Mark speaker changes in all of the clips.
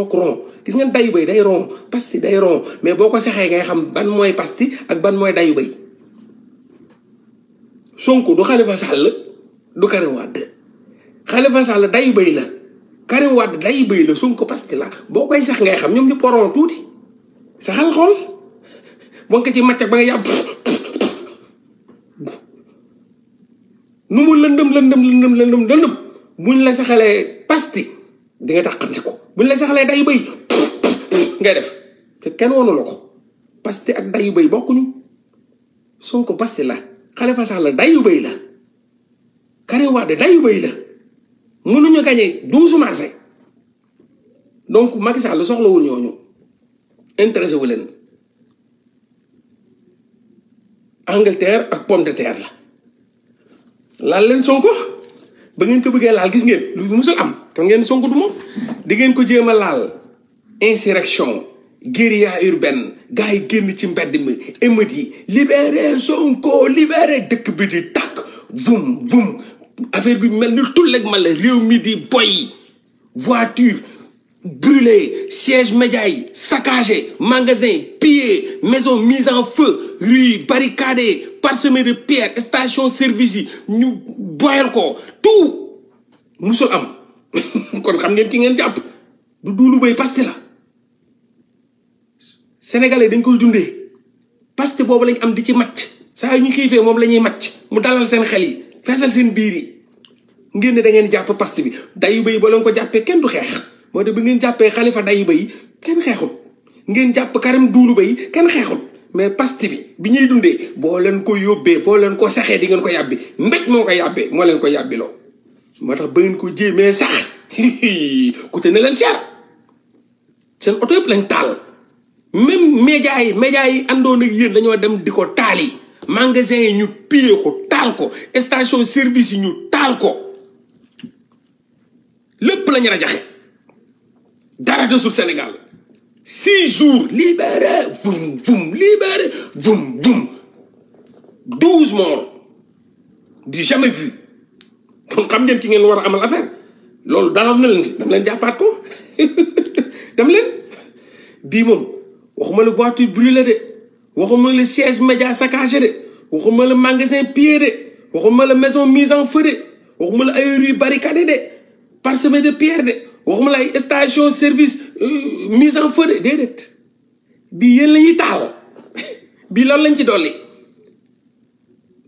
Speaker 1: toog rond gis ngeen dayu bay day rond pasti day rond mais boo ko sexee ngay xam ban mooy pasti ak ban mooy dayu bay Sonko du Khalifa Sall du Karim Wade Khalifa Sall dayu bay la Karim Wade dayu bay la Sonko pasti la boo koy sax ngay xam ñoom ñu poron tuuti saxal xool bon ci macc ak ba nga yàpp nu mu lëndëm lëndëm lëndëm lëndëm lëndëm buñ la saxalee pasti di nga taxati ko buñ la saxalee dayu bëy ngay def te kenn wonu la ko Pastef ak day yu bëy bokkuñu Sonko Pastef la Khalifa saxla day yu bëy la Karim Wade yu bëy la mënuñu gañee douze mars donc Macky soxla wu ñooñu intéressé wu leen Angleterre ak pomme de terre la lan leen Sonko ba ngeen ko bëggee laal gis ngeen lu mu musul am xam ngeen Sonko du moom di ngeen ko jéem a laal insurrection guérilla urbaine gars yi génn ci mbedd mi émeute yi libéré Sonko libéré dëkk bi di tàkk vum vum affaire bi mel ni tulleeg ma la réew mi di boy voiture brûlé siège média yi saccagé magasin pillé maison mise en feu rue barricadée parsemée de pierres station service yi ñu boyal ko tout musul am kon xam ngeen ki ngeen jàpp du duulu bay paste la sénégalais dañ koy dundee paste boobu lañ am di ci màcc saa yu ñu xiifee moom la ñuy màcc mu dalal seen xel yi feesal seen biir yi ngeen ne da ngeen jàpp paste bi dayu bay ba leen ko jàppee kenn du xeex moo tax bi ngeen jàppee xalifa day bay kenn xeexut ngeen jàpp karim duulu bay kenn xeexut mais pasti bi bi ñuy dundee boo leen ko yóbbee boo leen ko saxee di ngeen ko yàbbi mbéj moo ko yàbbee moo leen ko yàbbi loo moo tax ba ngeen ko jéemee sax ku te ne leen cher seen oto yëpp lañ taal même média yi média yi àndoon ak yéen dañoo dem di ko taal yi magasin yi ñu piller ko taal ko station service yi ñu taal ko lépp lañ rajaxe dara desul Sénégal six jours libéré vum vum libéré vum vum douze morts du jamais vu kon xam ngeen ki ngeen war a amal affaire loolu dalal na leen di dam leen jàppaat ko dem leen bii moom waxuma la voiture brûlée de waxuma la siège média saccagé de waxuma la magasin pillé de waxuma la maison mise en feu de waxuma la ay rues barricadées de parsemé de pierre de waxuma lay station service euh, mise en feu de déedéet bii yéen la ñuy bii loolu lañ ci dolli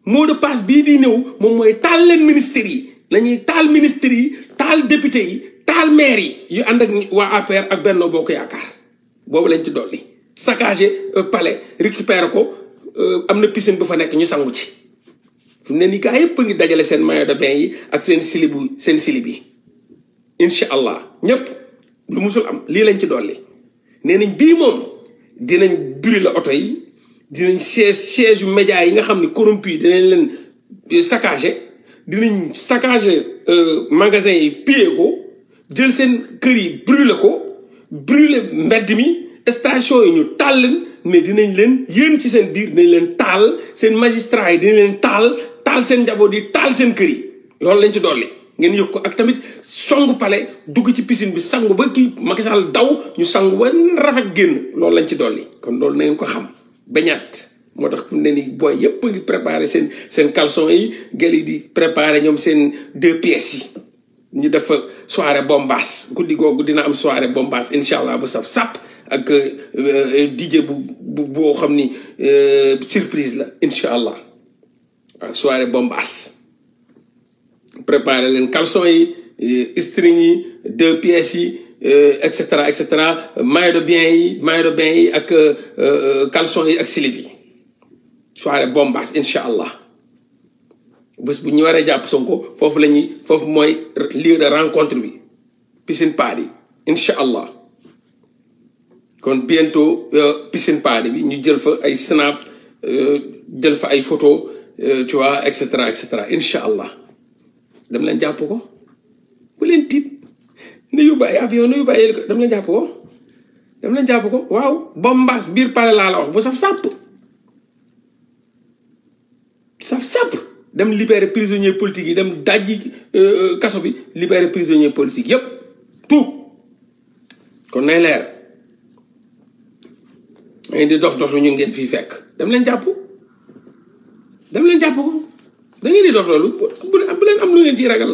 Speaker 1: mot de passe bii di ñëw moom mooy taal leen ministère yi lañuy taal ministre yi taal député yi taal maire yi yu ànd ak waa APR ak Benno Bokk Yaakaar boobu lañ ci dolli saccagé euh, palais récupéré ko euh, am na piscine bu fa nekk ñu sangu ci fu ne ni gaa yëpp ngi dajale seen maillot de bain yi ak seen silibu seen silib yi incha allah ñëpp lu musul am lii lañ ci dolli nee nañ bii moom dinañ buri la oto yi dinañ siège siège yu média yi nga xam ne corrompu yi dinañ leen euh, saccagé dinañ saccagé euh, magasin yi pillé ko jël seen kër yi brûlé ko brûlé mbedd mi station yi ñu taal leen mais dinañ leen yéen ci seen biir dinañ leen taal seen magistrat yi dinañ leen taal taal seen njaboot yi taal seen kër yi loolu lañ ci dolli ngeen yëg ko ak tamit songu palais dugg ci piscine bi sangu ba kii Macky daw ñu sangu ba rafet génn loolu lañ ci dolli kon loolu na ngeen ko xam beñaat moo tax fu mu ne nii booy yëpp a ngi préparé seen seen caleçon yi gel yi di préparé ñoom seen deux pièces yi ñu def soirée bombaas guddi googu dina am soirée bombaas incha allah bu saf sàpp ak euh, euh, DJ bu bu boo xam ni euh, surprise la incha allah waaw soirée bombaas préparer leen caleçon yi euh, string yi deux pièces yi euh, et cetera et cetera maillot de bain yi maillot de bain yi ak euh, caleçon yi ak slip yi soirée bombaas incha allah bés bu ñu waree jàpp Sonko foofu la ñuy foofu mooy lieu rencontre bi piscine party incha allah kon bientôt piscine party bi ñu jël fa ay snap jël fa ay photo tu vois et cetera et incha allah. dem leen jàpp ko bu leen tiit na yóbbu ay avion na yóbbu ay dem leen jàpp ko dem leen jàpp ko waaw bombaas biir pale laa la wax bu saf sàpp saf sàpp dem libérer prisonnier politique yi dem dajji euh, kaso bi libérer prisonnier politique yépp tout kon nay leer ngeen di dof ñu ngeen fii fekk dem leen jàpp dem leen jàpp ko da ngeen di dox loolu bu leen am lu ngeen ciy ragal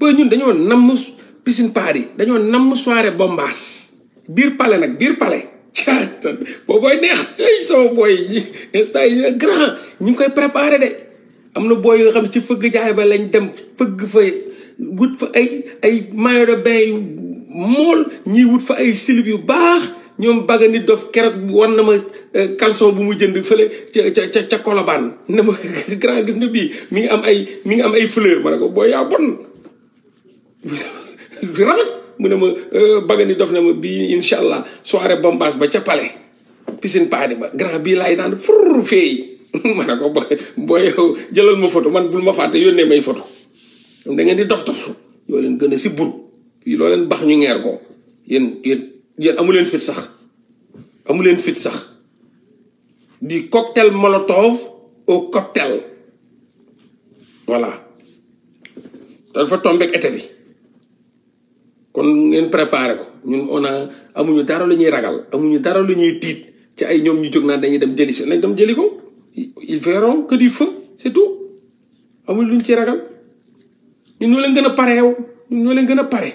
Speaker 1: ba ñun dañoo namm piscine party dañoo namm soirée bombaas biir palais nag biir palais caatan boo booy neex ay sama booy instant yi grand ñu ngi koy préparé de am na booy yoo xam ne ci fëgg jaay ba lañ dem fëgg fa wut fa ay ay mayor de bain yu mool ñi wut fa ay silib yu baax ñoom bagga nit dof keroog wan na ma euh, caleçon bu mu jënd fële ca ca ca kolobaan ne ma grand gis nga bii mi ngi am ay mi ngi am ay fleur ma ne ko boo yaa bon rafet mu ne ma euh, bagga nit dof ne ma bii incha allah soirée bombaas ba ca palais piscine paadi ba grand bii laay naan fur feey ma ne ko boo yow jëlal ma photo man bul ma fàtte yónnee may photo da ngeen di dof dof yoo leen gën a si buru fii loo leen bax ñu ngeer ko yéen yéen yéen amu leen fit sax amu leen fit sax di cocktail molotov au cocktail voilà te dafa tombeek été bi kon ngeen préparé ko ñun on amuñu dara lu ñuy ragal amuñu dara lu ñuy tiit ci ay ñoom ñu jóg naan dañuy dem jëli si nañ dem jëli ko ils verront que du feu c'est tout amuñu luñ ci ragal ñun ñoo leen gën a pareew ñun ñoo gën a pare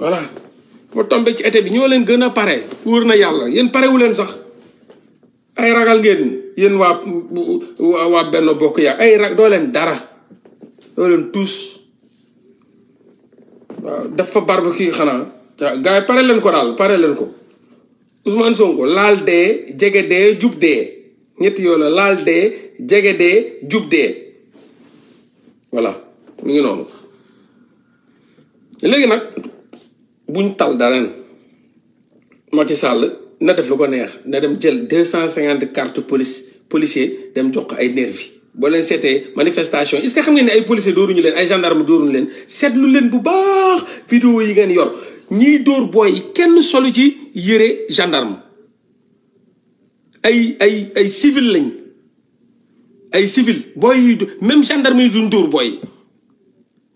Speaker 1: voilà mu tombé ci été bi ñoo leen gën a pare wóor na yàlla yéen parewu leen sax ay ragal ngeen yéen waa waa benn bokk yaa ay rag doo leen dara doo leen tuus waaw dafa barbe kii xanaa waaw gars yi pare leen ko daal pare leen ko Ousmane Sonko laal dee jege dee jub dee ñetti yoon la laal dee jege dee jub dee voilà mu ngi noonu léegi nag buñ tal dara Macky Sall na def lu ko neex na dem jël deux cent cinquante cartes police policier dem jox ko ay nervi boo leen seetee manifestation est-ce que xam ngeen ne ay policiers dóoruñu leen ay gendarme dóoruñu leen seetlu leen bu baax vidéo yi ngeen yor ñiy dóor booy kenn solu ci yëre gendarme ay ay ay civil lañ ay civil booy yi même gendarme yi duñ dóor booy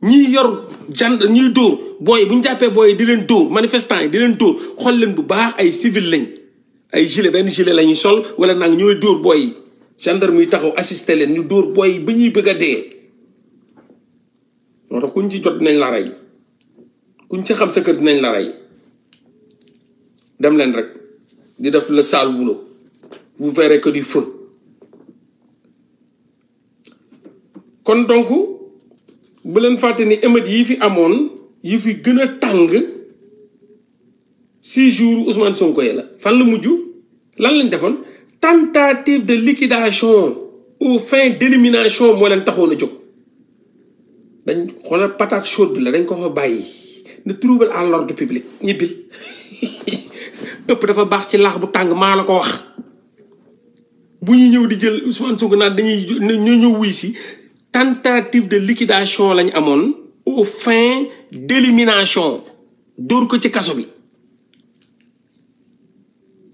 Speaker 1: ñiy yor gendarme ñiy dóor booy bu ñu jàppee booy di leen dóor manifestant yi di leen dóor xool leen bu baax ay civil lañ ay gilet benn gilet la ñuy sol wala nag ñooy dóor booy yi gendarme yi taxaw assisté leen ñu dóor booy yi ba ñuy bëgg a dee. moo tax kuñ ci jot dinañ la rey kuñ ci xam sa kër dinañ la rey dem leen rek di def le sale boulot vous verrez que du feu. kon donc bu leen fàtte ni émeute yi fi amoon. yu fi gën a tàng six jours Ousmane Sonko yi la fan la mujj lan lañ defoon tentative de liquidation au fins d'élimination moo leen taxoon a jóg dañ xoolal patate chaude la dañ ko fa bàyyi ne trouble à l'ordre public ñibbil ëpp dafa baax ci laax bu tàng maa la ko wax bu ñuy ñëw di jël Ousmane Sonko naan dañuy ñu ñëw wuy si tentative de liquidation lañ amoon aux fin d'élimination dóor ko ci kaso bi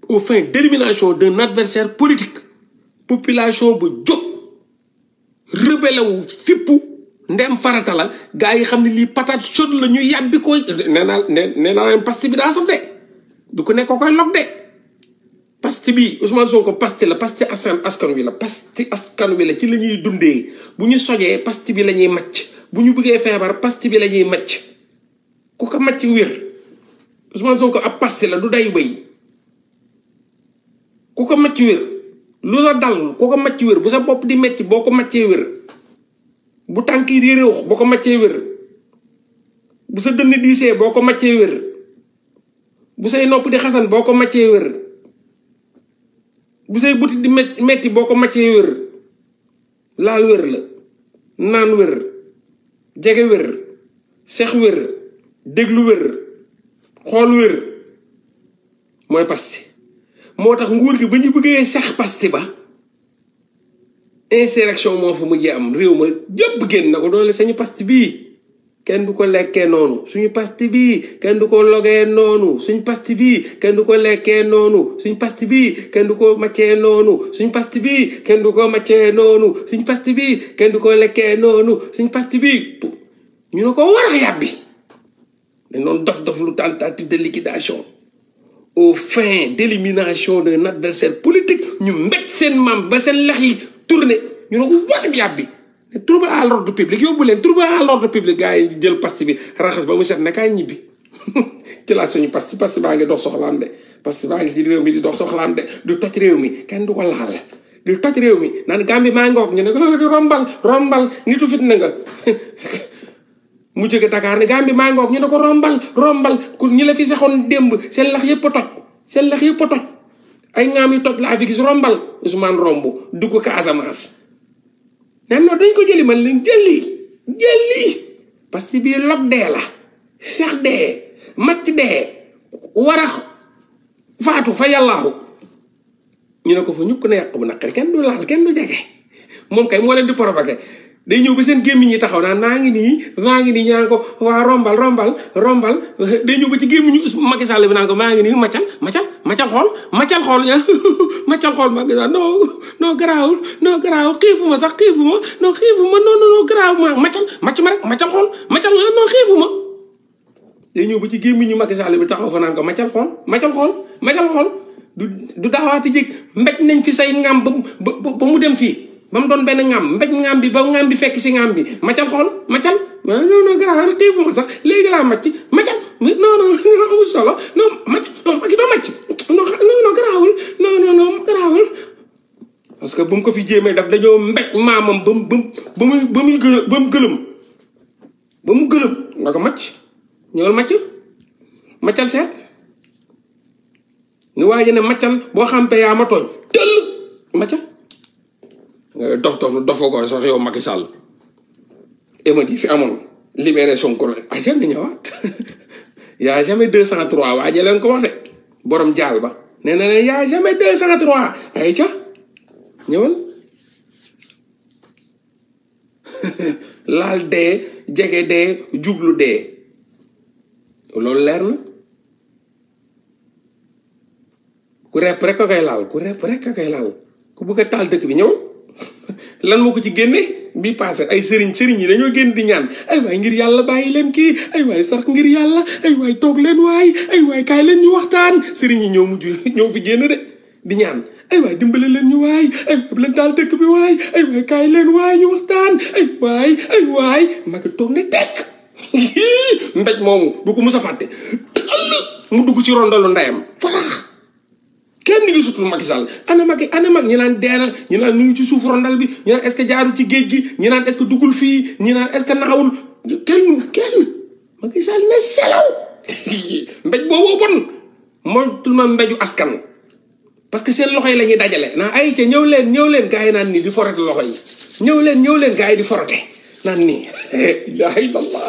Speaker 1: aux fins d'élimination d'un adversaire politique population ba jóg rebelle wu fippu ndem farata la gars yi xam ne lii patate chaude la ñu yàbbi ko nee naa nee naa leen pasti bi daa saf de du ko nekk ko koy log de pasti bi Ousmane Sonko pasti la pasti askan askan wi la pasti askan wi la ci la ñuy dundee bu ñu sojee pasti bi la ñuy màcc bu ñu bëggee feebar pasti bi lañuy ñuy macc ku ko macc wér ab pasti la du day bëy ku ko macc wér lu la dal ku ko macc wér bu sa bopp di metti boo ko maccee wér bu di réew boo ko maccee wér bu sa dënn diisee boo ko maccee wér bu say nopp di xasan boo ko maccee wér bu say butit di metti boo ko maccee wér laal wér la naan wér jege wér sex wér déglu wér xool wér mooy pasti moo tax nguur gi ba ñu bëggee sex pasti ba insurrection moo fa mujjee am réew ma yëpp génn na ko doole sañu pasti bii kenn du ko lekkee noonu suñu pasti bii kenn du ko logee noonu suñu pasti bii kenn du ko lekkee noonu suñu pasti bii kenn du ko maccee noonu suñu pasti bii kenn du ko maccee noonu suñu pasti bii kenn du ko lekkee noonu suñu pasti bii ñu ne ko warax yàbbi dañ doon dof dof lu tentative de liquidation aux fins d'élimination d'un adversaire politique ñu mbéj seen maam ba seen lex yi tourné ñu ne ko warax yàbbi trouble à l'ordre public yóbbu leen trouble à l'ordre public gars yi jël pasti bi raxas ba mu set ne kaay ñibbi ci laaj suñu pasti pasti baa ngi dox soxlaam de pasti baa ngi si réew mi di dox soxlaam de du toj réew mi kenn du ko laal du réew mi naan Gàmbi maa ngoog ñu ne ko oh, rombal rombal nitu fitna nga mu jóge Dakar ne Gàmbi maa ngoog ñu ne ko rombal rombal ku ñi la fi saxoon démb seen lax yëpp a toj seen lax yëpp a toj ay ngaam yu toj laa fi gis rombal Ousmane romb dugg Casamance te loolu dañ ko jëli man leen jëli jëli parce que bii log dee la seex dee macc dee warax faatu fa yàllaahu ñu ne ko fa ñukk na yàq bu naqari kenn du laal kenn du jege moom kay moo leen di provoqué day ñëw ba seen gémmiñ yi taxaw naan naa ngi nii naa ngi nii ñu naan ko waa rombal rombal rombal day ñëw ba ci gémmiñu Macky Sall bi ko maa ngi nii macal macal macal xool macal xool macal xool Macky Sall non non garaawul non garaawul ma sax xiifu ma non xiifu ma non non garaaw ma macal mac ma rek macal xool macal ma non xiifu bi taxaw fa naan ko macal xool macal xool macal du du daawaati jég mbéj nañ fi say ngam ba ba mu dem fii ba mu doon benn ŋaam mbéj ŋaam bi ba ŋaam bi fekk si ŋaam bi macal xool macal non non grand téefuma sax léegi laa macc macal non solo non mac non magi doo macc non non garaawul non parce que bu mu ko fi jéemee daf dañoo mbéj maamam ba mu ba mu ba mu ba mu mu gëlëm nga ko macc ñëwal seet nga waaye ne macal boo xampee yaa ma tooñ tëll macal dof dof dofoo ko sax yow Macky Sall émeute yi fi amoon libéré Sonko a jamais a jamais deux cent trois waa jëleen ko wax de borom jaal ba nee na leen y jamais deux cent trois ay ca ñëwal laal dee jege dee jublu dee loolu leer na ku repp rek a koy laal ku repp rek a koy laal ku bëgg a taal dëkk bi ñëw lan moo ko ci génne bii passé ay sëriñ sëriñ yi dañoo génn di ñaan ay waay ngir yàlla bàyyi leen kii ay waay sarax ngir yàlla ay waay toog leen waay ay waay kaay leen ñu waxtaan sëriñ yi ñoo mujj ñoo fi génn de di ñaan ay leen ñu waay ay waay bu leen taal dëkk bi waay ay waay kaay leen waay ñu waxtaan ay waay ay waay magi toog ne tekk mbéj moomu du ko mus a fàtte mu dugg ci rondalu ndeyam kenn gisatul Macky Sall ana Macky ana Macky ñu naan dee na ñu naan ñu ngi ci suuf rondal bi ñu naan est-ce jaaru ci géej gi ñu naan est-ce que duggul fii ñu naan est-ce que naawul kenn kenn Macky Sall ne selaw mbéj booboo bon mooy tul ma mbéju askan parce que seen loxo yi lañuy dajale naan ay ca ñëw leen ñëw leen gars yi naan nii di forate loxo yi ñëw leen ñëw leen gars yi di forote naan nii ilaha illallah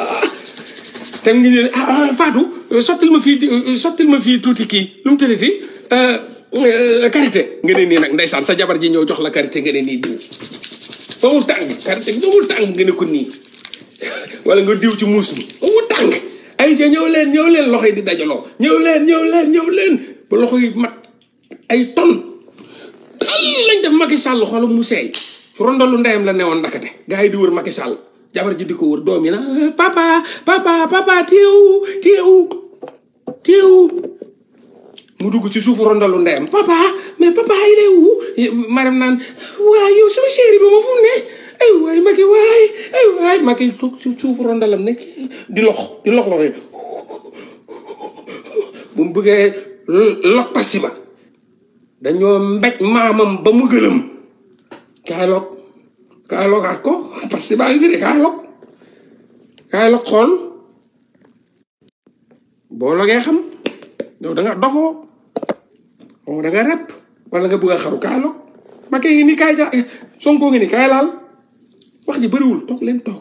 Speaker 1: te ngi ne ah, ah Fatou sottil ma fii sottil ma fii tuuti kii lu mu tëddati euh, Euh, karité nga ne nii nag ndeysaan sa jabar ji ñëw jox la karité nga ne nii diw ba mu tàng karité ba mu tàng nga ne ko nii wala nga diw ci muus mi ba mu tàng ay ñëw leen ñëw leen loxo yi di dajaloo ñëw leen ñëw leen ñëw leen ba loxo yi mat ay ton tal lañ def Macky Sall xoolal mu seey rondalu ndeyam la newoon ndakate gars yi di wër Macky Sall jabar ji di ko wër doom yi na papa papa papa téew téew mu dugg ci suufu rondalu ndeyam papa mais papa il est où maram naan waay yow sama chéri bi ma fu ne ay waay Macky waay ay suufu rondalam nekk di lox di lox loxee bu mu bëggee lok pasi dañoo mbéj maamam ba mu gëlëm kaay lok kaay lokaat ko pasi baa ngi fi de kaay lok xool boo logee xam yow da doxoo moom da nga rep wala nga bëgg a xaru kaay loog ma ni kaay ja Sonko ngi ni kaay laal wax ji bariwul toog leen toog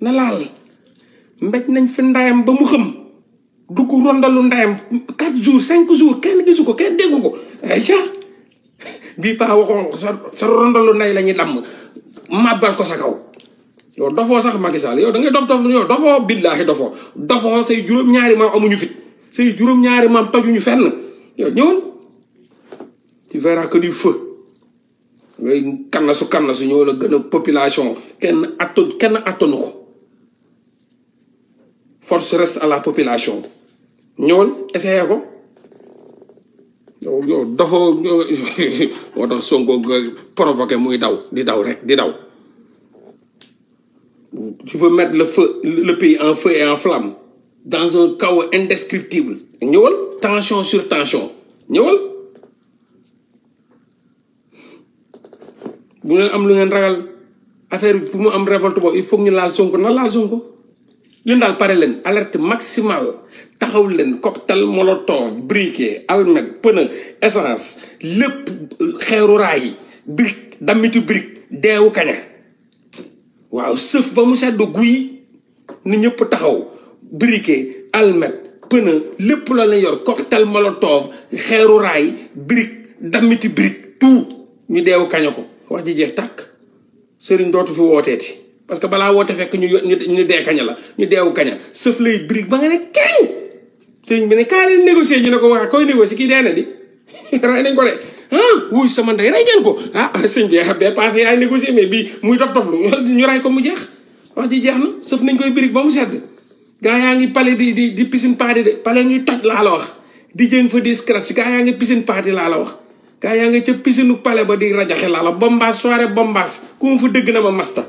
Speaker 1: na laal mbéj nañ fi ndayam ba mu xëm dugg rondalu ndayam quatre jour cinq jours kenn gisu ko kenn déggu ko ay ca bii paa waxoo sa sa rondalu nday la ñuy damm màbbal ko sa kaw yow dofoo sax Macky Sall yow da ngay dof dof yow dofoo billaahi dofoo dofoo say juróom-ñaari maam amuñu fit say juróom-ñaari maam tojuñu fenn yow ñëwal tu verras que du feu ngay kannasu kannasu ñoo la gën a population kenn atton kenn attanu ko force reste à la population ñëwal essayé ko yow yow dafoo moo tax Sonko provoqué muy daw di daw rek di daw tu veux mettre le feu le pays en feu et en flamme dans un chaos indescriptible ñëwal tension sur tension ñëwal bu ngeen am lu ngeen ragal affaire bi pour mu am révolte boobu il faut ñu laal Sonko na laal Sonko leen daal pare leen alerte maximale taxaw leen cocktail molotov briquet almet pneu essence lépp xeeru raay yi brique dammitu brique deewu kaña waaw sëf ba mu sedd guy ni ñëpp taxaw briquet almet pneu lépp la la yor cocktail molotov xeeru raay brique dammiti brique tout ñu deewu kaño ko wax ji jeex tàkk sëriñ dootu fi wooteeti parce que balaa woote fekk ñu ñu dee kaña la ñu deewu kaña sëf lay brique ba nga ne kañ sëriñ bi ne kaa leen négocier ñu ne ko wax koy négocier kii dee na di ray nañ ko de ah wuy sama ndey rey ngeen ko ah, ah sëñ bi ah, bee passé yaay négocier mee bii muy dof dof lu ñu ray ko mu jeex wax ji jeex na sëf nañ koy brique ba mu gaa yaa ngi pale di di di piscine party de pale ngi toj laa la wax di jëng fa di scratch gaa yaa ngi piscine party laa la wax gaa yaa ngi ca piscine pale ba di rajaxe laa la bombaas soirée bombaas ku ma fa dëgg na ma masta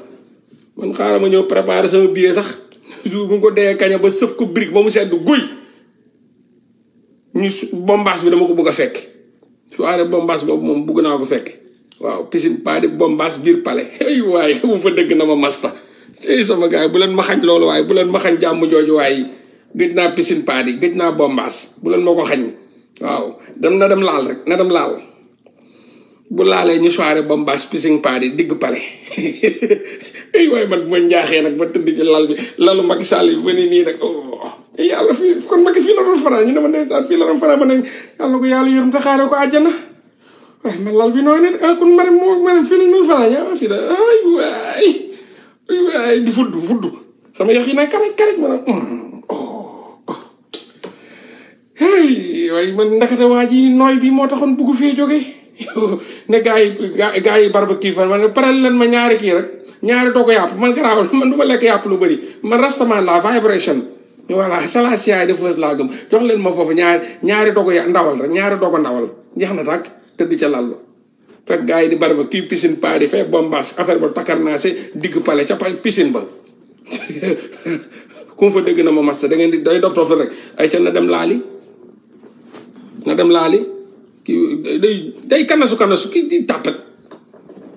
Speaker 1: man ma ñëw préparer sama sax jour ko dee kaña ba sëf ko brique ba mu sedd guy ñu bombaas bi dama ko bëgg a fekk soirée bombaas boobu moom bëgg naa ko fekk waaw piscine party bombaas biir pale ay waaye ku ma fa dëgg na ma masta eey sama gars yi bu leen ma xañ loolu waaye bu jàmm jooju waaye gëj naa piscine party gëj naa bombaas bu leen ma ko xañ waaw dem na dem laal rek na dem laal
Speaker 2: bu laalee ñu
Speaker 1: soirée bombaas piscine party digg pale eey waaye man bu ma njaaxee nag ba tëdd ci lal bi lalu Macky Sall bi ba ne nii nag oh. yàlla fii kon Macky fii la doon fanaan ñu ne ma ndeysaan fii la doon fanaan ma ne yàlla ko yàlla yërëm te xaaree ko àjjana waaye man lal bi nooy ah, fii la doon fanaan fii la ay waay di fudd fudd sama yax yi nag karaj karaj ma nag mm, oh, oh. hey waaye man ndakate waa ji nooy bi moo taxoon bugg fee jóge ne gaa yi gaa yi barbecue ma man paral leen ma ñaari kii rek ñaari doo yàpp man garaawul man du ma lekk yàpp lu bëri man rastaman la vibration voilà salasiaay de fës laa gëm jox leen ma foofu ñaari ñaari dogo ya ndawal rek ñaari dogo ndawal jeex na tàkk tëdd ca lal fekk gars yi di bari ba kii piscine pas di fee bombas affaire ba takar naa se digg pale ca piscine ba ku mu fa dégg na ma masta da ngeen di day dof dof rek ay ca na dem laali na dem laali kii day day kanasu kanasu kii di tàppat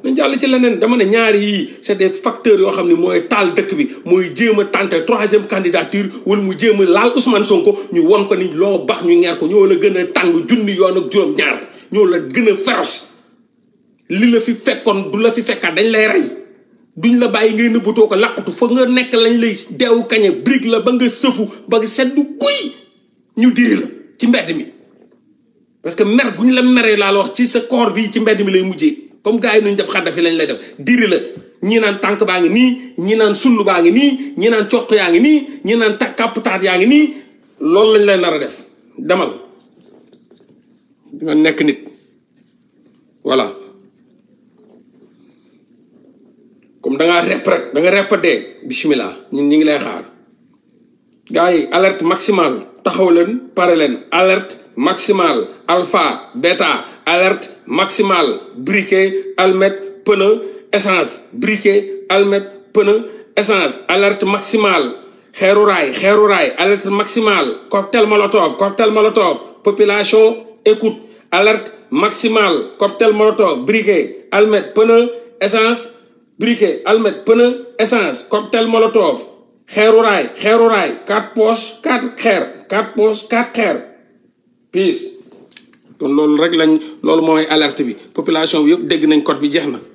Speaker 1: nañ jàll ci leneen dama ne ñaari yii c'est des facteurs yoo xam ne mooy taal dëkk bi mooy jéem a tenter troisième candidature mu jéem a laal Ousmane Sonko ñu won ko ni loo bax ñu ñaar ko ñoo la gën a tàng junni yoon ak juróom-ñaar ñoo la gën a féroce li la fi fekkoon du la fi fekkaat dañ lay rey duñ la bàyyi ngay nëbbatoo ko làqutu fa nga nekk lañ lay deewu kañe brique la ba nga sëfu ba nga seddu kuy ñu diri la ci mbedd mi parce que mer bu ñu la meree laa la wax ci sa corps bi ci mbedd mi lay mujjee comme gars yi nu ñu def xaddafi lañ lay def diri la ñi naan tànk baa ngi nii ñi naan sull baa ngi nii ñi naan coq yaa ngi nii ñi naan ta kàpptaat yaa ngi nii loolu lañ lay nar a def demal nga nekk nit voilà comme da ngaa rep repp dee bisimilah ñun ñu ngi lay xaar gars yi alerte maximale taxaw leen pare leen alerte maximale alpha bêta alerte maximal briquet almet pneu essence briquet almet pneu essence alerte maximal xeeru raay xeeru raay alerte maximale cocktail molotov cocktail molotov population écoute alerte maximale cocktail molotov briquet almet pneu essence briquet almet pneu essence cocktail molotov xeeru raay xeeru raay quatre poches quatre xeer quatre poches quatre xeer piis kon loolu rek lañ loolu mooy alerte bi population bi yëpp dégg nañ code bi jeex na